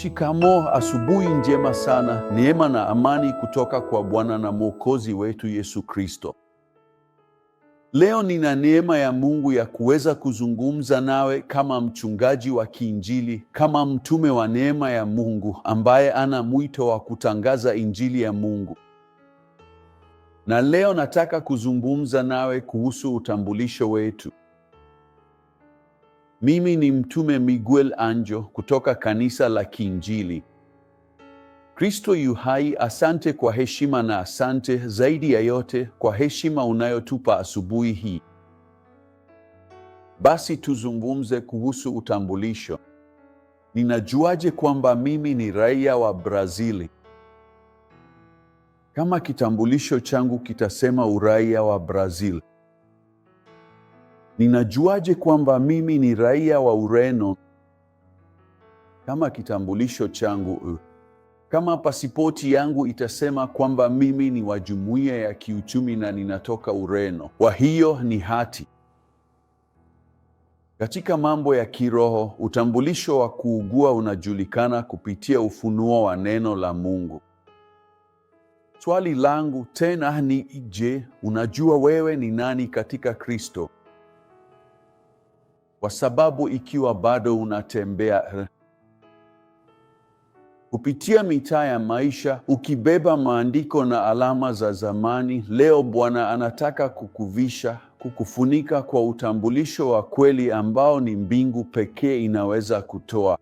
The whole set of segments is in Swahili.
Shikamoo, asubuhi njema sana. Neema na amani kutoka kwa Bwana na Mwokozi wetu Yesu Kristo. Leo nina neema ya Mungu ya kuweza kuzungumza nawe kama mchungaji wa kiinjili, kama mtume wa neema ya Mungu ambaye ana mwito wa kutangaza injili ya Mungu. Na leo nataka kuzungumza nawe kuhusu utambulisho wetu. Mimi ni Mtume Miguel anjo kutoka Kanisa la Kiinjili Kristo yu Hai. Asante kwa heshima na asante zaidi ya yote kwa heshima unayotupa asubuhi hii. Basi tuzungumze kuhusu utambulisho. Ninajuaje kwamba mimi ni raia wa Brazili? Kama kitambulisho changu kitasema uraia wa Brazil, Ninajuaje kwamba mimi ni raia wa Ureno kama kitambulisho changu? Uh, kama pasipoti yangu itasema kwamba mimi ni wa jumuiya ya kiuchumi na ninatoka Ureno, kwa hiyo ni hati. Katika mambo ya kiroho, utambulisho wa kuugua unajulikana kupitia ufunuo wa neno la Mungu. Swali langu tena ni je, unajua wewe ni nani katika Kristo? kwa sababu ikiwa bado unatembea eh, kupitia mitaa ya maisha ukibeba maandiko na alama za zamani, leo Bwana anataka kukuvisha, kukufunika kwa utambulisho wa kweli ambao ni mbingu pekee inaweza kutoa.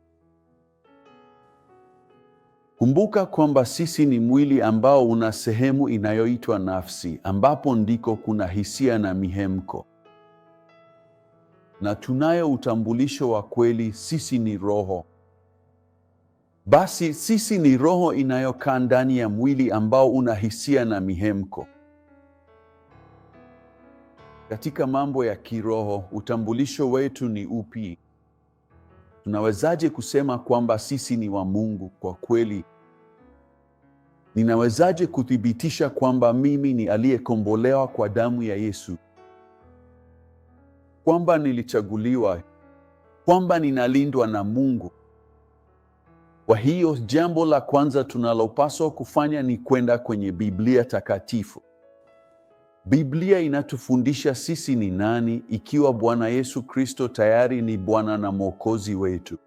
Kumbuka kwamba sisi ni mwili ambao una sehemu inayoitwa nafsi, ambapo ndiko kuna hisia na mihemko na tunayo utambulisho wa kweli, sisi ni roho. Basi sisi ni roho inayokaa ndani ya mwili ambao una hisia na mihemko. Katika mambo ya kiroho, utambulisho wetu ni upi? Tunawezaje kusema kwamba sisi ni wa Mungu kwa kweli? Ninawezaje kuthibitisha kwamba mimi ni aliyekombolewa kwa damu ya Yesu? kwamba nilichaguliwa, kwamba ninalindwa na Mungu. Kwa hiyo jambo la kwanza tunalopaswa kufanya ni kwenda kwenye Biblia takatifu. Biblia inatufundisha sisi ni nani, ikiwa Bwana Yesu Kristo tayari ni Bwana na Mwokozi wetu.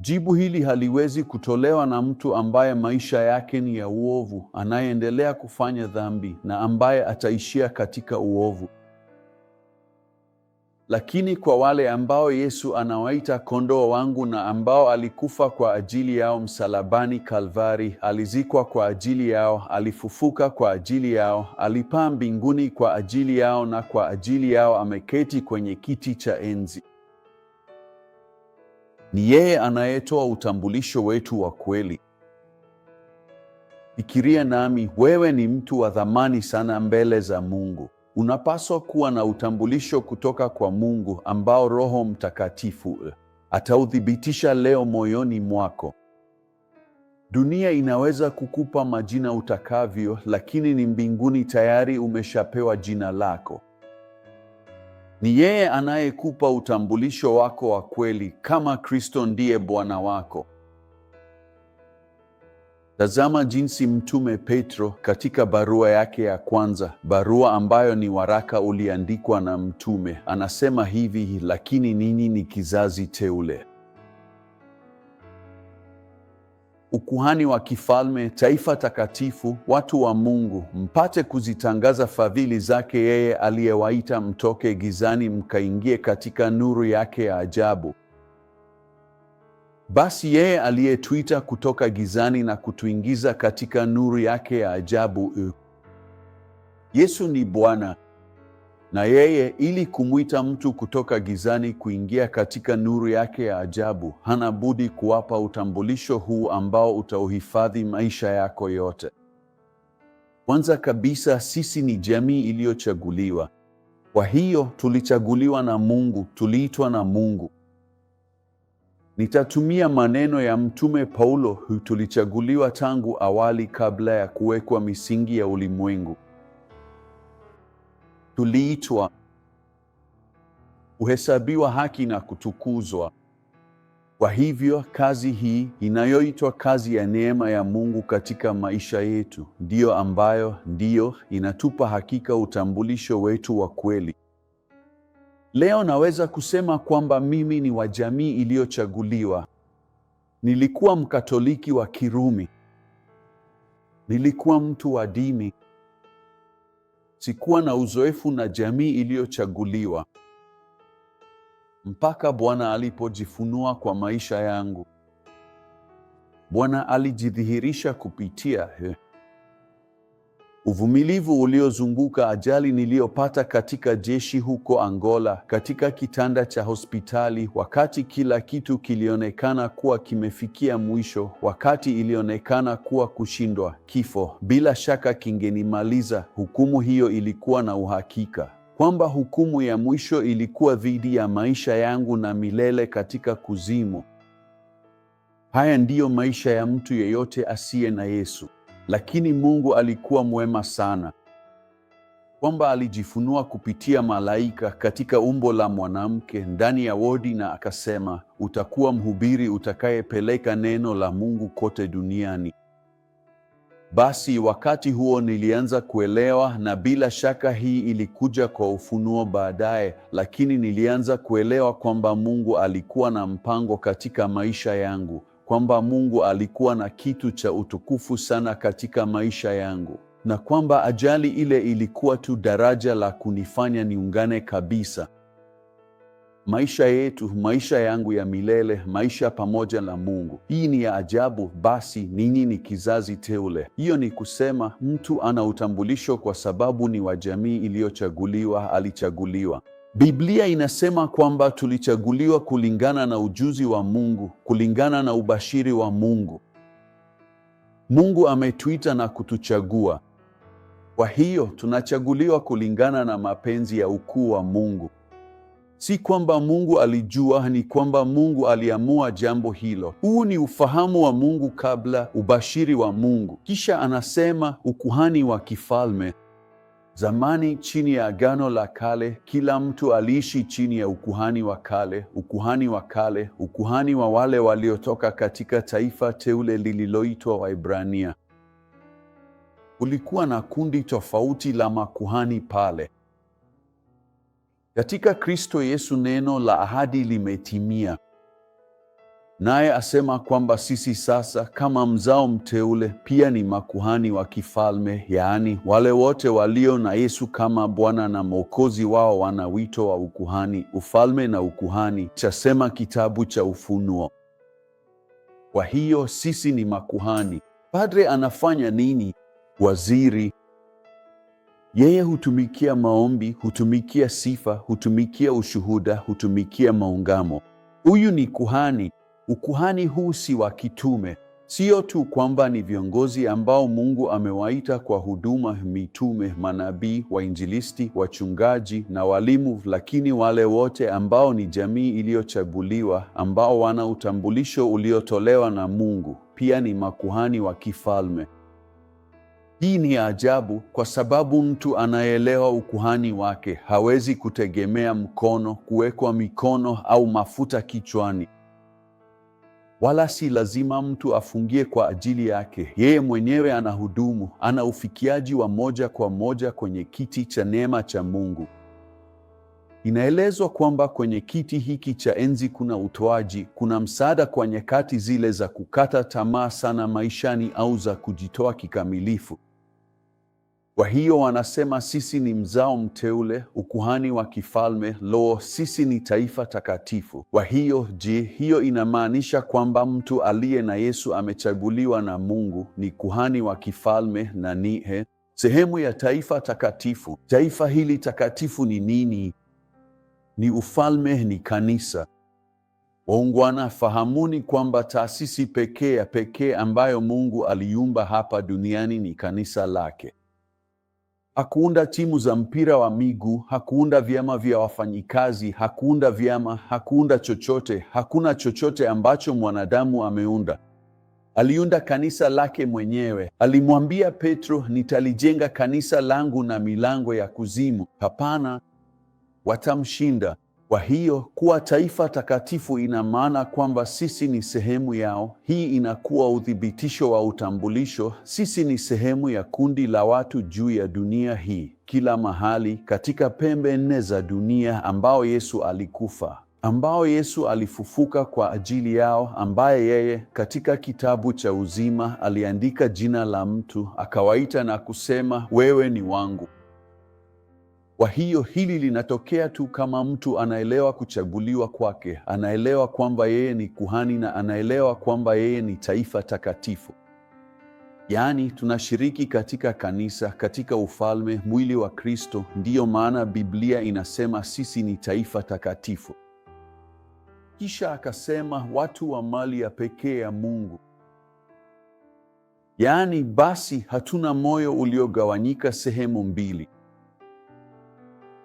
Jibu hili haliwezi kutolewa na mtu ambaye maisha yake ni ya uovu, anayeendelea kufanya dhambi na ambaye ataishia katika uovu. Lakini kwa wale ambao Yesu anawaita kondoo wangu na ambao alikufa kwa ajili yao msalabani Kalvari, alizikwa kwa ajili yao, alifufuka kwa ajili yao, alipaa mbinguni kwa ajili yao, na kwa ajili yao ameketi kwenye kiti cha enzi. Ni yeye anayetoa utambulisho wetu wa kweli. Fikiria nami, wewe ni mtu wa thamani sana mbele za Mungu. Unapaswa kuwa na utambulisho kutoka kwa Mungu ambao Roho Mtakatifu eh, atauthibitisha leo moyoni mwako. Dunia inaweza kukupa majina utakavyo, lakini ni mbinguni tayari umeshapewa jina lako. Ni yeye anayekupa utambulisho wako wa kweli kama Kristo ndiye Bwana wako. Tazama jinsi mtume Petro katika barua yake ya kwanza, barua ambayo ni waraka uliandikwa na mtume, anasema hivi: lakini ninyi ni kizazi teule, ukuhani wa kifalme, taifa takatifu, watu wa Mungu, mpate kuzitangaza fadhili zake yeye aliyewaita mtoke gizani mkaingie katika nuru yake ya ajabu. Basi yeye aliyetuita kutoka gizani na kutuingiza katika nuru yake ya ajabu. E, Yesu ni Bwana. Na yeye ili kumwita mtu kutoka gizani kuingia katika nuru yake ya ajabu, hana budi kuwapa utambulisho huu ambao utauhifadhi maisha yako yote. Kwanza kabisa, sisi ni jamii iliyochaguliwa. Kwa hiyo tulichaguliwa na Mungu, tuliitwa na Mungu. Nitatumia maneno ya Mtume Paulo, tulichaguliwa tangu awali kabla ya kuwekwa misingi ya ulimwengu. Tuliitwa, kuhesabiwa haki na kutukuzwa. Kwa hivyo kazi hii inayoitwa kazi ya neema ya Mungu katika maisha yetu ndiyo ambayo ndiyo inatupa hakika utambulisho wetu wa kweli. Leo naweza kusema kwamba mimi ni wa jamii iliyochaguliwa. Nilikuwa Mkatoliki wa Kirumi. Nilikuwa mtu wa dini. Sikuwa na uzoefu na jamii iliyochaguliwa mpaka Bwana alipojifunua kwa maisha yangu. Bwana alijidhihirisha kupitia eh, uvumilivu uliozunguka ajali niliyopata katika jeshi huko Angola, katika kitanda cha hospitali, wakati kila kitu kilionekana kuwa kimefikia mwisho, wakati ilionekana kuwa kushindwa, kifo bila shaka kingenimaliza. Hukumu hiyo ilikuwa na uhakika kwamba hukumu ya mwisho ilikuwa dhidi ya maisha yangu na milele katika kuzimu. Haya ndiyo maisha ya mtu yeyote asiye na Yesu. Lakini Mungu alikuwa mwema sana, kwamba alijifunua kupitia malaika katika umbo la mwanamke ndani ya wodi, na akasema, utakuwa mhubiri utakayepeleka neno la Mungu kote duniani. Basi wakati huo nilianza kuelewa, na bila shaka hii ilikuja kwa ufunuo baadaye, lakini nilianza kuelewa kwamba Mungu alikuwa na mpango katika maisha yangu kwamba Mungu alikuwa na kitu cha utukufu sana katika maisha yangu na kwamba ajali ile ilikuwa tu daraja la kunifanya niungane kabisa. Maisha yetu, maisha yangu ya milele, maisha pamoja na Mungu. Hii ni ya ajabu. Basi ninyi ni kizazi teule. Hiyo ni kusema mtu ana utambulisho kwa sababu ni wa jamii iliyochaguliwa, alichaguliwa. Biblia inasema kwamba tulichaguliwa kulingana na ujuzi wa Mungu, kulingana na ubashiri wa Mungu. Mungu ametuita na kutuchagua. Kwa hiyo tunachaguliwa kulingana na mapenzi ya ukuu wa Mungu. Si kwamba Mungu alijua, ni kwamba Mungu aliamua jambo hilo. Huu ni ufahamu wa Mungu kabla, ubashiri wa Mungu. Kisha anasema ukuhani wa kifalme. Zamani chini ya Agano la Kale, kila mtu aliishi chini ya ukuhani wa kale, ukuhani wa kale, ukuhani wa wale waliotoka katika taifa teule lililoitwa Waibrania. Kulikuwa na kundi tofauti la makuhani pale. Katika Kristo Yesu neno la ahadi limetimia naye asema kwamba sisi sasa kama mzao mteule pia ni makuhani wa kifalme, yaani wale wote walio na Yesu kama Bwana na Mwokozi wao wana wito wa ukuhani, ufalme na ukuhani, chasema kitabu cha Ufunuo. Kwa hiyo sisi ni makuhani. Padre anafanya nini? Waziri yeye hutumikia maombi, hutumikia sifa, hutumikia ushuhuda, hutumikia maungamo. Huyu ni kuhani. Ukuhani huu si wa kitume, sio tu kwamba ni viongozi ambao Mungu amewaita kwa huduma: mitume, manabii, wainjilisti, wachungaji na walimu, lakini wale wote ambao ni jamii iliyochaguliwa, ambao wana utambulisho uliotolewa na Mungu, pia ni makuhani wa kifalme. Hii ni ajabu kwa sababu mtu anayeelewa ukuhani wake hawezi kutegemea mkono, kuwekwa mikono au mafuta kichwani wala si lazima mtu afungie kwa ajili yake. Yeye mwenyewe anahudumu, ana ufikiaji wa moja kwa moja kwenye kiti cha neema cha Mungu. Inaelezwa kwamba kwenye kiti hiki cha enzi kuna utoaji, kuna msaada kwa nyakati zile za kukata tamaa sana maishani au za kujitoa kikamilifu. Kwa hiyo wanasema sisi ni mzao mteule, ukuhani wa kifalme, lo, sisi ni taifa takatifu. Kwa hiyo je, hiyo inamaanisha kwamba mtu aliye na Yesu amechaguliwa na Mungu, ni kuhani wa kifalme na nihe sehemu ya taifa takatifu. Taifa hili takatifu ni nini? Ni ufalme, ni kanisa. Waungwana, fahamuni kwamba taasisi pekee ya pekee ambayo Mungu aliumba hapa duniani ni kanisa lake. Hakuunda timu za mpira wa miguu, hakuunda vyama vya wafanyikazi, hakuunda vyama, hakuunda chochote. Hakuna chochote ambacho mwanadamu ameunda. Aliunda kanisa lake mwenyewe. Alimwambia Petro, nitalijenga kanisa langu na milango ya kuzimu hapana watamshinda. Kwa hiyo kuwa taifa takatifu ina maana kwamba sisi ni sehemu yao. Hii inakuwa uthibitisho wa utambulisho. Sisi ni sehemu ya kundi la watu juu ya dunia hii, kila mahali katika pembe nne za dunia, ambao Yesu alikufa, ambao Yesu alifufuka kwa ajili yao, ambaye yeye katika kitabu cha uzima aliandika jina la mtu akawaita na kusema, wewe ni wangu. Kwa hiyo hili linatokea tu kama mtu anaelewa kuchaguliwa kwake, anaelewa kwamba yeye ni kuhani na anaelewa kwamba yeye ni taifa takatifu. Yaani, tunashiriki katika kanisa, katika ufalme, mwili wa Kristo. Ndiyo maana Biblia inasema sisi ni taifa takatifu. Kisha akasema watu wa mali ya pekee ya Mungu. Yaani basi hatuna moyo uliogawanyika sehemu mbili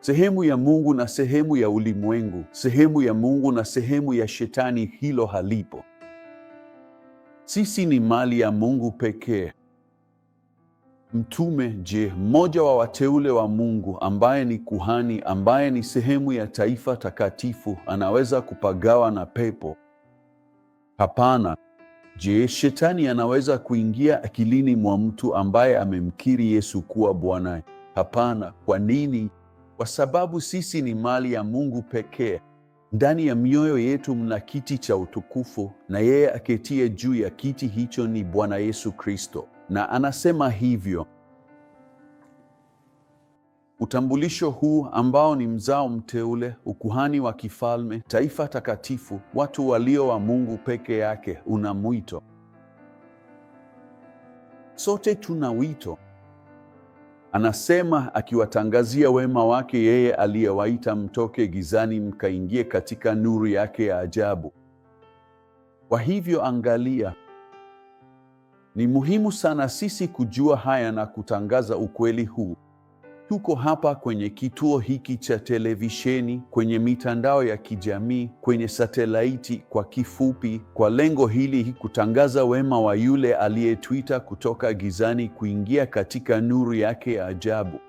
sehemu ya Mungu na sehemu ya ulimwengu, sehemu ya Mungu na sehemu ya Shetani, hilo halipo. Sisi ni mali ya Mungu pekee. Mtume, je, mmoja wa wateule wa Mungu ambaye ni kuhani, ambaye ni sehemu ya taifa takatifu, anaweza kupagawa na pepo? Hapana. Je, shetani anaweza kuingia akilini mwa mtu ambaye amemkiri Yesu kuwa Bwana? Hapana. Kwa nini? kwa sababu sisi ni mali ya Mungu pekee. Ndani ya mioyo yetu mna kiti cha utukufu, na yeye aketie juu ya kiti hicho ni Bwana Yesu Kristo, na anasema hivyo. Utambulisho huu ambao ni mzao mteule, ukuhani wa kifalme, taifa takatifu, watu walio wa Mungu peke yake, una mwito. Sote tuna wito. Anasema akiwatangazia wema wake yeye aliyewaita mtoke gizani mkaingie katika nuru yake ya ajabu. Kwa hivyo, angalia, ni muhimu sana sisi kujua haya na kutangaza ukweli huu. Tuko hapa kwenye kituo hiki cha televisheni, kwenye mitandao ya kijamii, kwenye satelaiti kwa kifupi, kwa lengo hili kutangaza wema wa yule aliyetuita kutoka gizani kuingia katika nuru yake ya ajabu.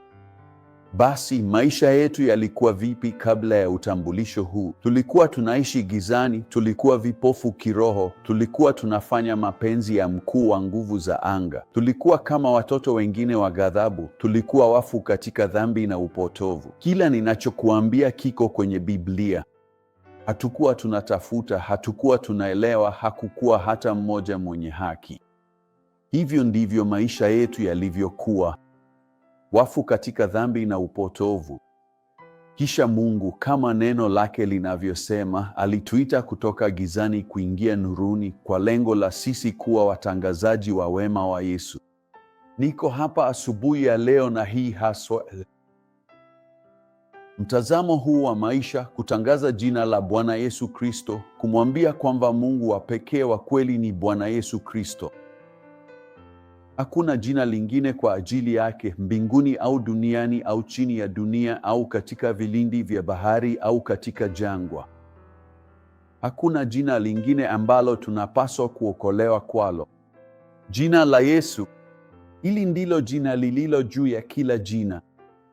Basi maisha yetu yalikuwa vipi kabla ya utambulisho huu? Tulikuwa tunaishi gizani, tulikuwa vipofu kiroho, tulikuwa tunafanya mapenzi ya mkuu wa nguvu za anga, tulikuwa kama watoto wengine wa ghadhabu, tulikuwa wafu katika dhambi na upotovu. Kila ninachokuambia kiko kwenye Biblia. Hatukuwa tunatafuta, hatukuwa tunaelewa, hakukuwa hata mmoja mwenye haki. Hivyo ndivyo maisha yetu yalivyokuwa wafu katika dhambi na upotovu. Kisha Mungu, kama neno lake linavyosema, alituita kutoka gizani kuingia nuruni kwa lengo la sisi kuwa watangazaji wa wema wa Yesu. Niko hapa asubuhi ya leo na hii haswa mtazamo huu wa maisha, kutangaza jina la Bwana Yesu Kristo, kumwambia kwamba Mungu wa pekee wa kweli ni Bwana Yesu Kristo. Hakuna jina lingine kwa ajili yake mbinguni au duniani au chini ya dunia au katika vilindi vya bahari au katika jangwa. Hakuna jina lingine ambalo tunapaswa kuokolewa kwalo. Jina la Yesu, hili ndilo jina lililo juu ya kila jina.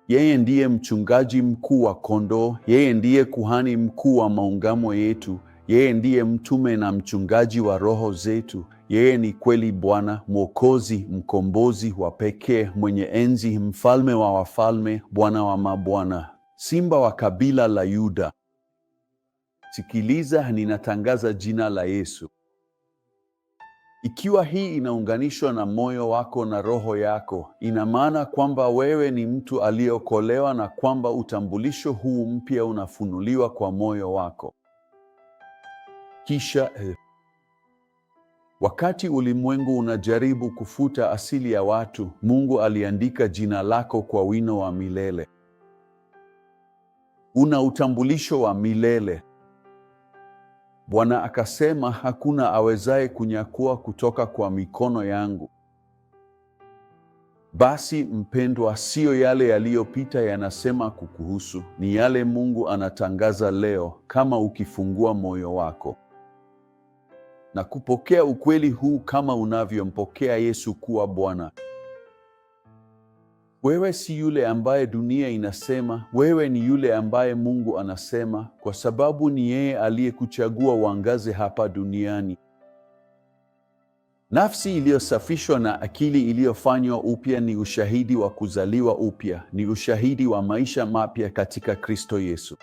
Yeye ndiye mchungaji mkuu wa kondoo, yeye ndiye kuhani mkuu wa maungamo yetu, yeye ndiye mtume na mchungaji wa roho zetu, yeye ni kweli Bwana, Mwokozi, mkombozi wa pekee, mwenye enzi, mfalme wa wafalme, Bwana wa mabwana, simba wa kabila la Yuda. Sikiliza, ninatangaza jina la Yesu. Ikiwa hii inaunganishwa na moyo wako na roho yako, ina maana kwamba wewe ni mtu aliyeokolewa na kwamba utambulisho huu mpya unafunuliwa kwa moyo wako. Kisha eh, Wakati ulimwengu unajaribu kufuta asili ya watu, Mungu aliandika jina lako kwa wino wa milele. Una utambulisho wa milele. Bwana akasema, hakuna awezaye kunyakua kutoka kwa mikono yangu. Basi mpendwa, siyo yale yaliyopita yanasema kukuhusu, ni yale Mungu anatangaza leo, kama ukifungua moyo wako na kupokea ukweli huu kama unavyompokea Yesu kuwa Bwana. Wewe si yule ambaye dunia inasema, wewe ni yule ambaye Mungu anasema, kwa sababu ni yeye aliyekuchagua uangaze hapa duniani. Nafsi iliyosafishwa na akili iliyofanywa upya ni ushahidi wa kuzaliwa upya, ni ushahidi wa maisha mapya katika Kristo Yesu.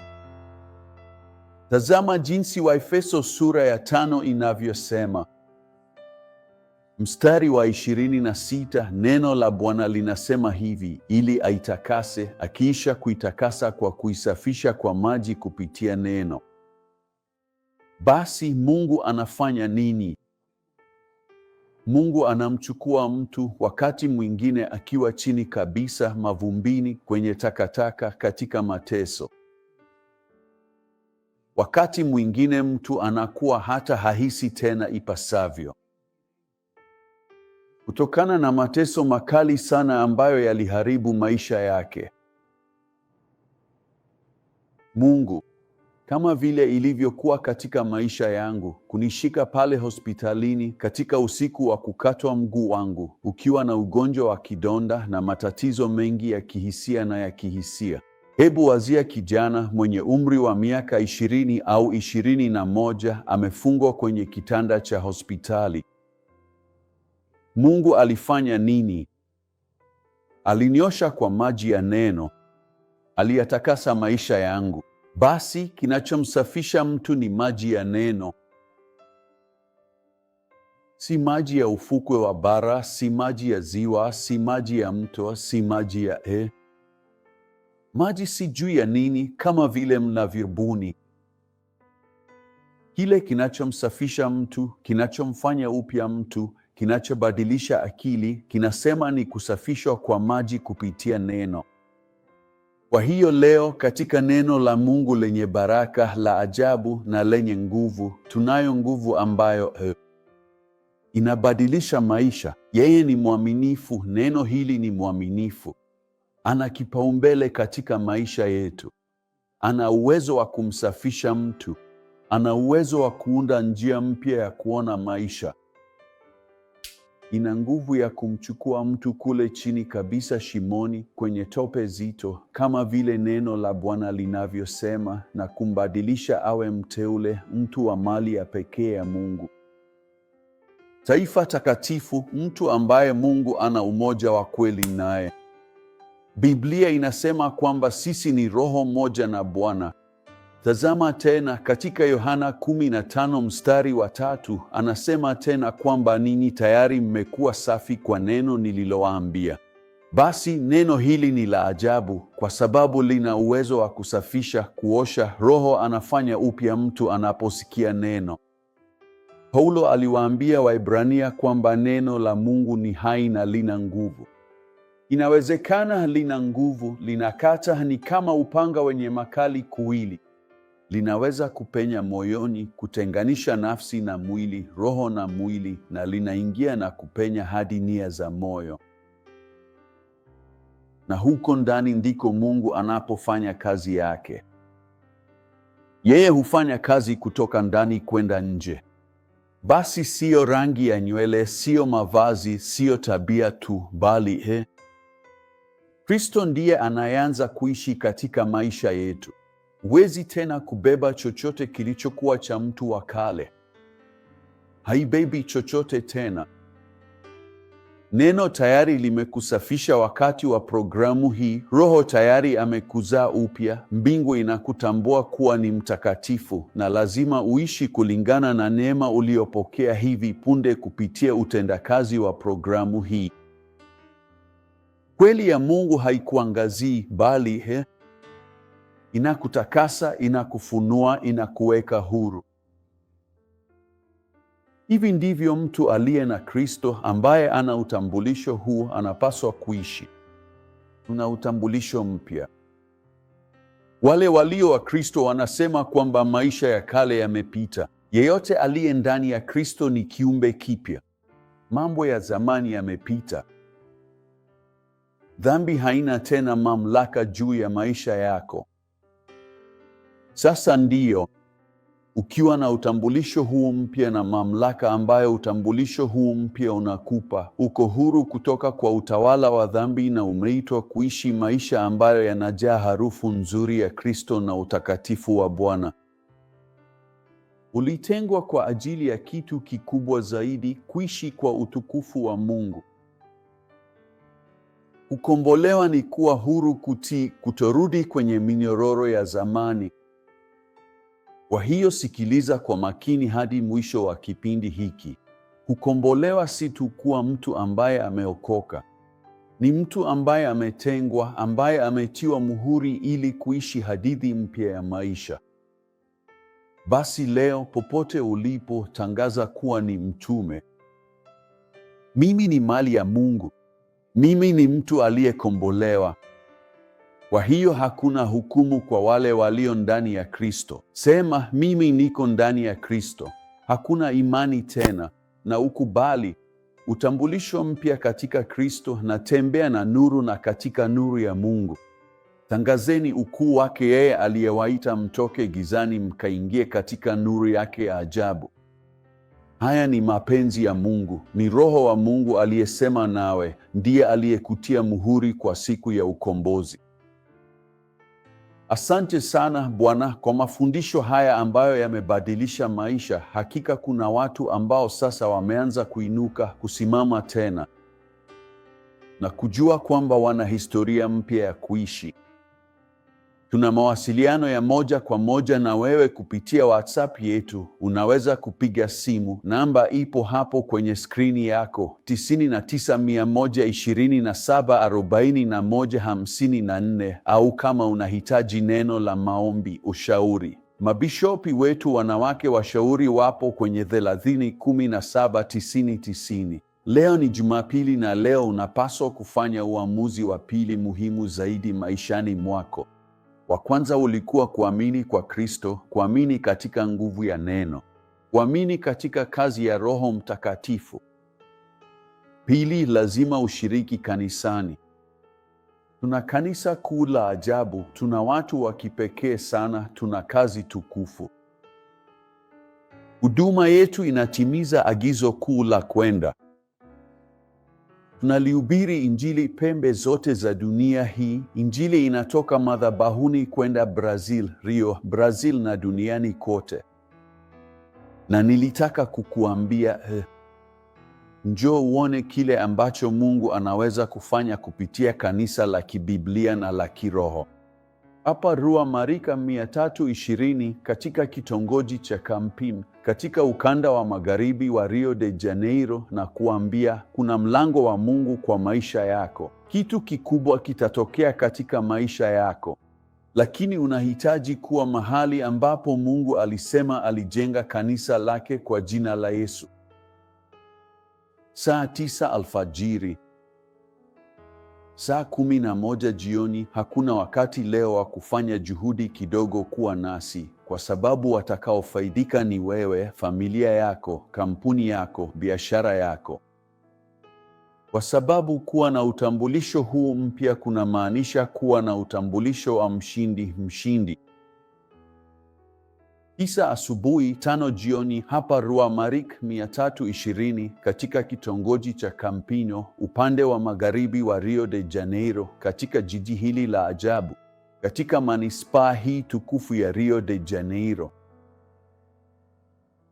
Tazama jinsi Waefeso sura ya tano inavyosema mstari wa ishirini na sita. Neno la Bwana linasema hivi, ili aitakase, akiisha kuitakasa kwa kuisafisha kwa maji kupitia neno. Basi Mungu anafanya nini? Mungu anamchukua mtu, wakati mwingine akiwa chini kabisa, mavumbini, kwenye takataka, katika mateso Wakati mwingine mtu anakuwa hata hahisi tena ipasavyo kutokana na mateso makali sana ambayo yaliharibu maisha yake. Mungu, kama vile ilivyokuwa katika maisha yangu, kunishika pale hospitalini katika usiku wa kukatwa mguu wangu, ukiwa na ugonjwa wa kidonda na matatizo mengi ya kihisia na ya kihisia Hebu wazia kijana mwenye umri wa miaka ishirini au ishirini na moja amefungwa kwenye kitanda cha hospitali. Mungu alifanya nini? Aliniosha kwa maji ya neno, aliyatakasa maisha yangu. Basi kinachomsafisha mtu ni maji ya neno, si maji ya ufukwe wa bara, si maji ya ziwa, si maji ya mto, si maji ya e maji si juu ya nini, kama vile mnavyobuni. Kile kinachomsafisha mtu, kinachomfanya upya mtu, kinachobadilisha akili, kinasema ni kusafishwa kwa maji kupitia neno. Kwa hiyo leo katika neno la Mungu lenye baraka, la ajabu na lenye nguvu, tunayo nguvu ambayo eh, inabadilisha maisha. Yeye ni mwaminifu, neno hili ni mwaminifu ana kipaumbele katika maisha yetu. Ana uwezo wa kumsafisha mtu, ana uwezo wa kuunda njia mpya ya kuona maisha. Ina nguvu ya kumchukua mtu kule chini kabisa, shimoni, kwenye tope zito, kama vile neno la Bwana linavyosema, na kumbadilisha awe mteule, mtu wa mali ya pekee ya Mungu, taifa takatifu, mtu ambaye Mungu ana umoja wa kweli naye. Biblia inasema kwamba sisi ni roho moja na Bwana. Tazama tena katika Yohana 15 mstari wa tatu, anasema tena kwamba ninyi tayari mmekuwa safi kwa neno nililowaambia. Basi neno hili ni la ajabu, kwa sababu lina uwezo wa kusafisha, kuosha. Roho anafanya upya mtu anaposikia neno. Paulo aliwaambia Waibrania kwamba neno la Mungu ni hai na lina nguvu. Inawezekana lina nguvu, linakata ni kama upanga wenye makali kuwili, linaweza kupenya moyoni, kutenganisha nafsi na mwili, roho na mwili, na linaingia na kupenya hadi nia za moyo. Na huko ndani ndiko Mungu anapofanya kazi yake. Yeye hufanya kazi kutoka ndani kwenda nje. Basi siyo rangi ya nywele, siyo mavazi, siyo tabia tu, bali he Kristo ndiye anayeanza kuishi katika maisha yetu. Huwezi tena kubeba chochote kilichokuwa cha mtu wa kale, haibebi chochote tena. Neno tayari limekusafisha wakati wa programu hii. Roho tayari amekuzaa upya. Mbingu inakutambua kuwa ni mtakatifu na lazima uishi kulingana na neema uliyopokea hivi punde kupitia utendakazi wa programu hii. Kweli ya Mungu haikuangazii bali he, inakutakasa, inakufunua, inakuweka huru. Hivi ndivyo mtu aliye na Kristo ambaye ana utambulisho huu anapaswa kuishi. Tuna utambulisho mpya. Wale walio wa Kristo wanasema kwamba maisha ya kale yamepita. Yeyote aliye ndani ya Kristo ni kiumbe kipya, mambo ya zamani yamepita. Dhambi haina tena mamlaka juu ya maisha yako. Sasa ndiyo ukiwa na utambulisho huu mpya na mamlaka ambayo utambulisho huu mpya unakupa, uko huru kutoka kwa utawala wa dhambi na umeitwa kuishi maisha ambayo yanajaa harufu nzuri ya Kristo na utakatifu wa Bwana. Ulitengwa kwa ajili ya kitu kikubwa zaidi, kuishi kwa utukufu wa Mungu. Kukombolewa ni kuwa huru kutii, kutorudi kwenye minyororo ya zamani. Kwa hiyo sikiliza kwa makini hadi mwisho wa kipindi hiki. Kukombolewa si tu kuwa mtu ambaye ameokoka, ni mtu ambaye ametengwa, ambaye ametiwa muhuri ili kuishi hadithi mpya ya maisha. Basi leo, popote ulipo, tangaza kuwa ni mtume. Mimi ni mali ya Mungu. Mimi ni mtu aliyekombolewa, kwa hiyo hakuna hukumu kwa wale walio ndani ya Kristo. Sema, mimi niko ndani ya Kristo. Hakuna imani tena, na ukubali utambulisho mpya katika Kristo, na tembea na nuru na katika nuru ya Mungu. Tangazeni ukuu wake yeye aliyewaita mtoke gizani mkaingie katika nuru yake ya ajabu. Haya ni mapenzi ya Mungu, ni Roho wa Mungu aliyesema nawe, ndiye aliyekutia muhuri kwa siku ya ukombozi. Asante sana Bwana kwa mafundisho haya ambayo yamebadilisha maisha. Hakika kuna watu ambao sasa wameanza kuinuka, kusimama tena na kujua kwamba wana historia mpya ya kuishi. Tuna mawasiliano ya moja kwa moja na wewe kupitia WhatsApp yetu. Unaweza kupiga simu, namba ipo hapo kwenye skrini yako, 9912744154 au kama unahitaji neno la maombi, ushauri Mabishopi wetu wanawake washauri wapo kwenye 30179090. Leo ni Jumapili na leo unapaswa kufanya uamuzi wa pili muhimu zaidi maishani mwako. Wa kwanza ulikuwa kuamini kwa Kristo, kuamini katika nguvu ya neno, kuamini katika kazi ya Roho Mtakatifu. Pili, lazima ushiriki kanisani. Tuna kanisa kuu la ajabu, tuna watu wa kipekee sana, tuna kazi tukufu. Huduma yetu inatimiza agizo kuu la kwenda Tunalihubiri injili pembe zote za dunia hii. Injili inatoka madhabahuni kwenda Brazil, Rio, Brazil na duniani kote. Na nilitaka kukuambia eh, njoo uone kile ambacho Mungu anaweza kufanya kupitia kanisa la kibiblia na la kiroho hapa Rua Marika 320 katika kitongoji cha Kampim katika ukanda wa magharibi wa Rio de Janeiro na kuambia kuna mlango wa Mungu kwa maisha yako. Kitu kikubwa kitatokea katika maisha yako, lakini unahitaji kuwa mahali ambapo Mungu alisema alijenga kanisa lake kwa jina la Yesu. Saa tisa alfajiri. Saa kumi na moja jioni. Hakuna wakati leo wa kufanya juhudi kidogo kuwa nasi, kwa sababu watakaofaidika ni wewe, familia yako, kampuni yako, biashara yako, kwa sababu kuwa na utambulisho huu mpya kunamaanisha kuwa na utambulisho wa mshindi mshindi tisa asubuhi tano jioni hapa Rua Marik 320 katika kitongoji cha Campino upande wa magharibi wa Rio de Janeiro, katika jiji hili la ajabu, katika manispaa hii tukufu ya Rio de Janeiro.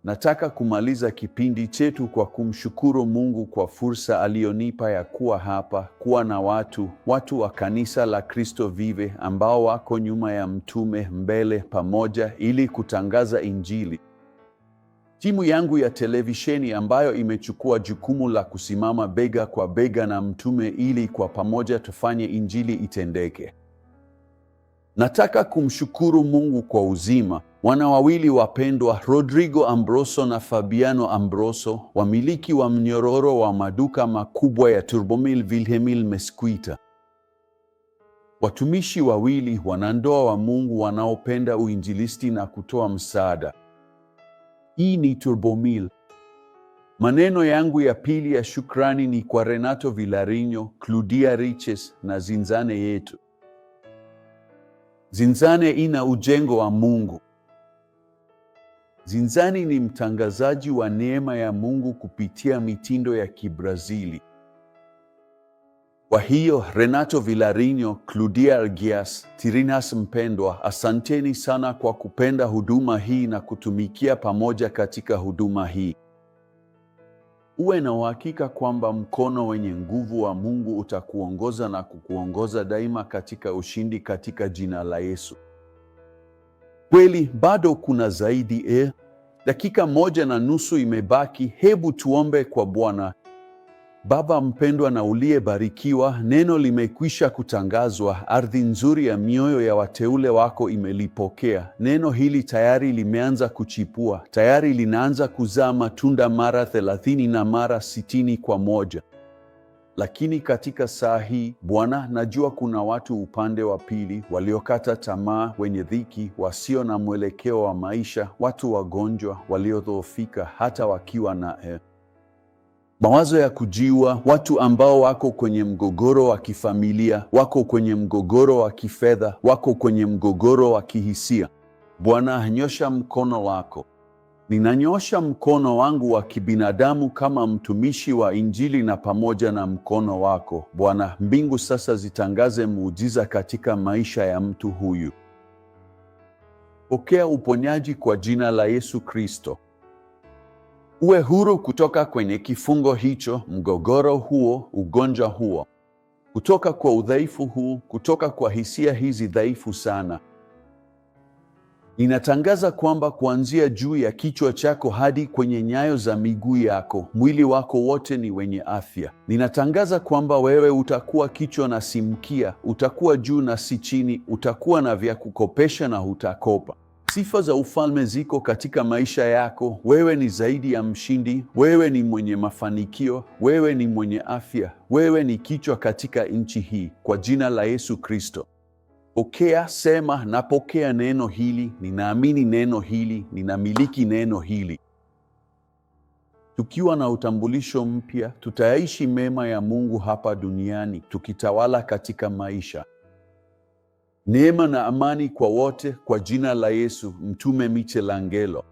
Nataka kumaliza kipindi chetu kwa kumshukuru Mungu kwa fursa aliyonipa ya kuwa hapa, kuwa na watu watu wa kanisa la Kristo Vive ambao wako nyuma ya mtume mbele pamoja ili kutangaza Injili. Timu yangu ya televisheni ambayo imechukua jukumu la kusimama bega kwa bega na mtume ili kwa pamoja tufanye Injili itendeke. Nataka kumshukuru Mungu kwa uzima. Wana wawili wapendwa, Rodrigo Ambroso na Fabiano Ambroso, wamiliki wa mnyororo wa maduka makubwa ya Turbomil Vilhemil Mesquita, watumishi wawili wanandoa wa Mungu wanaopenda uinjilisti na kutoa msaada. Hii ni Turbomil. Maneno yangu ya pili ya shukrani ni kwa Renato Vilarinho, Cludia Riches na Zinzane yetu zinzane ina ujengo wa Mungu. Zinzani ni mtangazaji wa neema ya Mungu kupitia mitindo ya Kibrazili. Kwa hiyo Renato Vilarinho, Cludia Algias, Tirinas mpendwa, asanteni sana kwa kupenda huduma hii na kutumikia pamoja katika huduma hii uwe na uhakika kwamba mkono wenye nguvu wa Mungu utakuongoza na kukuongoza daima katika ushindi katika jina la Yesu. Kweli bado kuna zaidi e eh? Dakika moja na nusu imebaki. Hebu tuombe kwa Bwana. Baba mpendwa na uliyebarikiwa, neno limekwisha kutangazwa. Ardhi nzuri ya mioyo ya wateule wako imelipokea neno hili. Tayari limeanza kuchipua, tayari linaanza kuzaa matunda mara thelathini na mara sitini kwa moja. Lakini katika saa hii Bwana, najua kuna watu upande wa pili waliokata tamaa, wenye dhiki, wasio na mwelekeo wa maisha, watu wagonjwa, waliodhoofika, hata wakiwa na eh, Mawazo ya kujiua, watu ambao wako kwenye mgogoro wa kifamilia, wako kwenye mgogoro wa kifedha, wako kwenye mgogoro wa kihisia. Bwana, nyosha mkono wako. Ninanyosha mkono wangu wa kibinadamu kama mtumishi wa Injili na pamoja na mkono wako Bwana. Mbingu sasa zitangaze muujiza katika maisha ya mtu huyu. Pokea uponyaji kwa jina la Yesu Kristo uwe huru kutoka kwenye kifungo hicho, mgogoro huo, ugonjwa huo, kutoka kwa udhaifu huu, kutoka kwa hisia hizi dhaifu sana. Ninatangaza kwamba kuanzia juu ya kichwa chako hadi kwenye nyayo za miguu yako, mwili wako wote ni wenye afya. Ninatangaza kwamba wewe utakuwa kichwa na si mkia, utakuwa juu na si chini, utakuwa na vya kukopesha na hutakopa. Sifa za ufalme ziko katika maisha yako. Wewe ni zaidi ya mshindi. Wewe ni mwenye mafanikio. Wewe ni mwenye afya. Wewe ni kichwa katika nchi hii, kwa jina la Yesu Kristo. Pokea, sema, napokea neno hili, ninaamini neno hili, ninamiliki neno hili. Tukiwa na utambulisho mpya, tutayaishi mema ya Mungu hapa duniani, tukitawala katika maisha Neema na amani kwa wote kwa jina la Yesu. Mtume Michelangelo.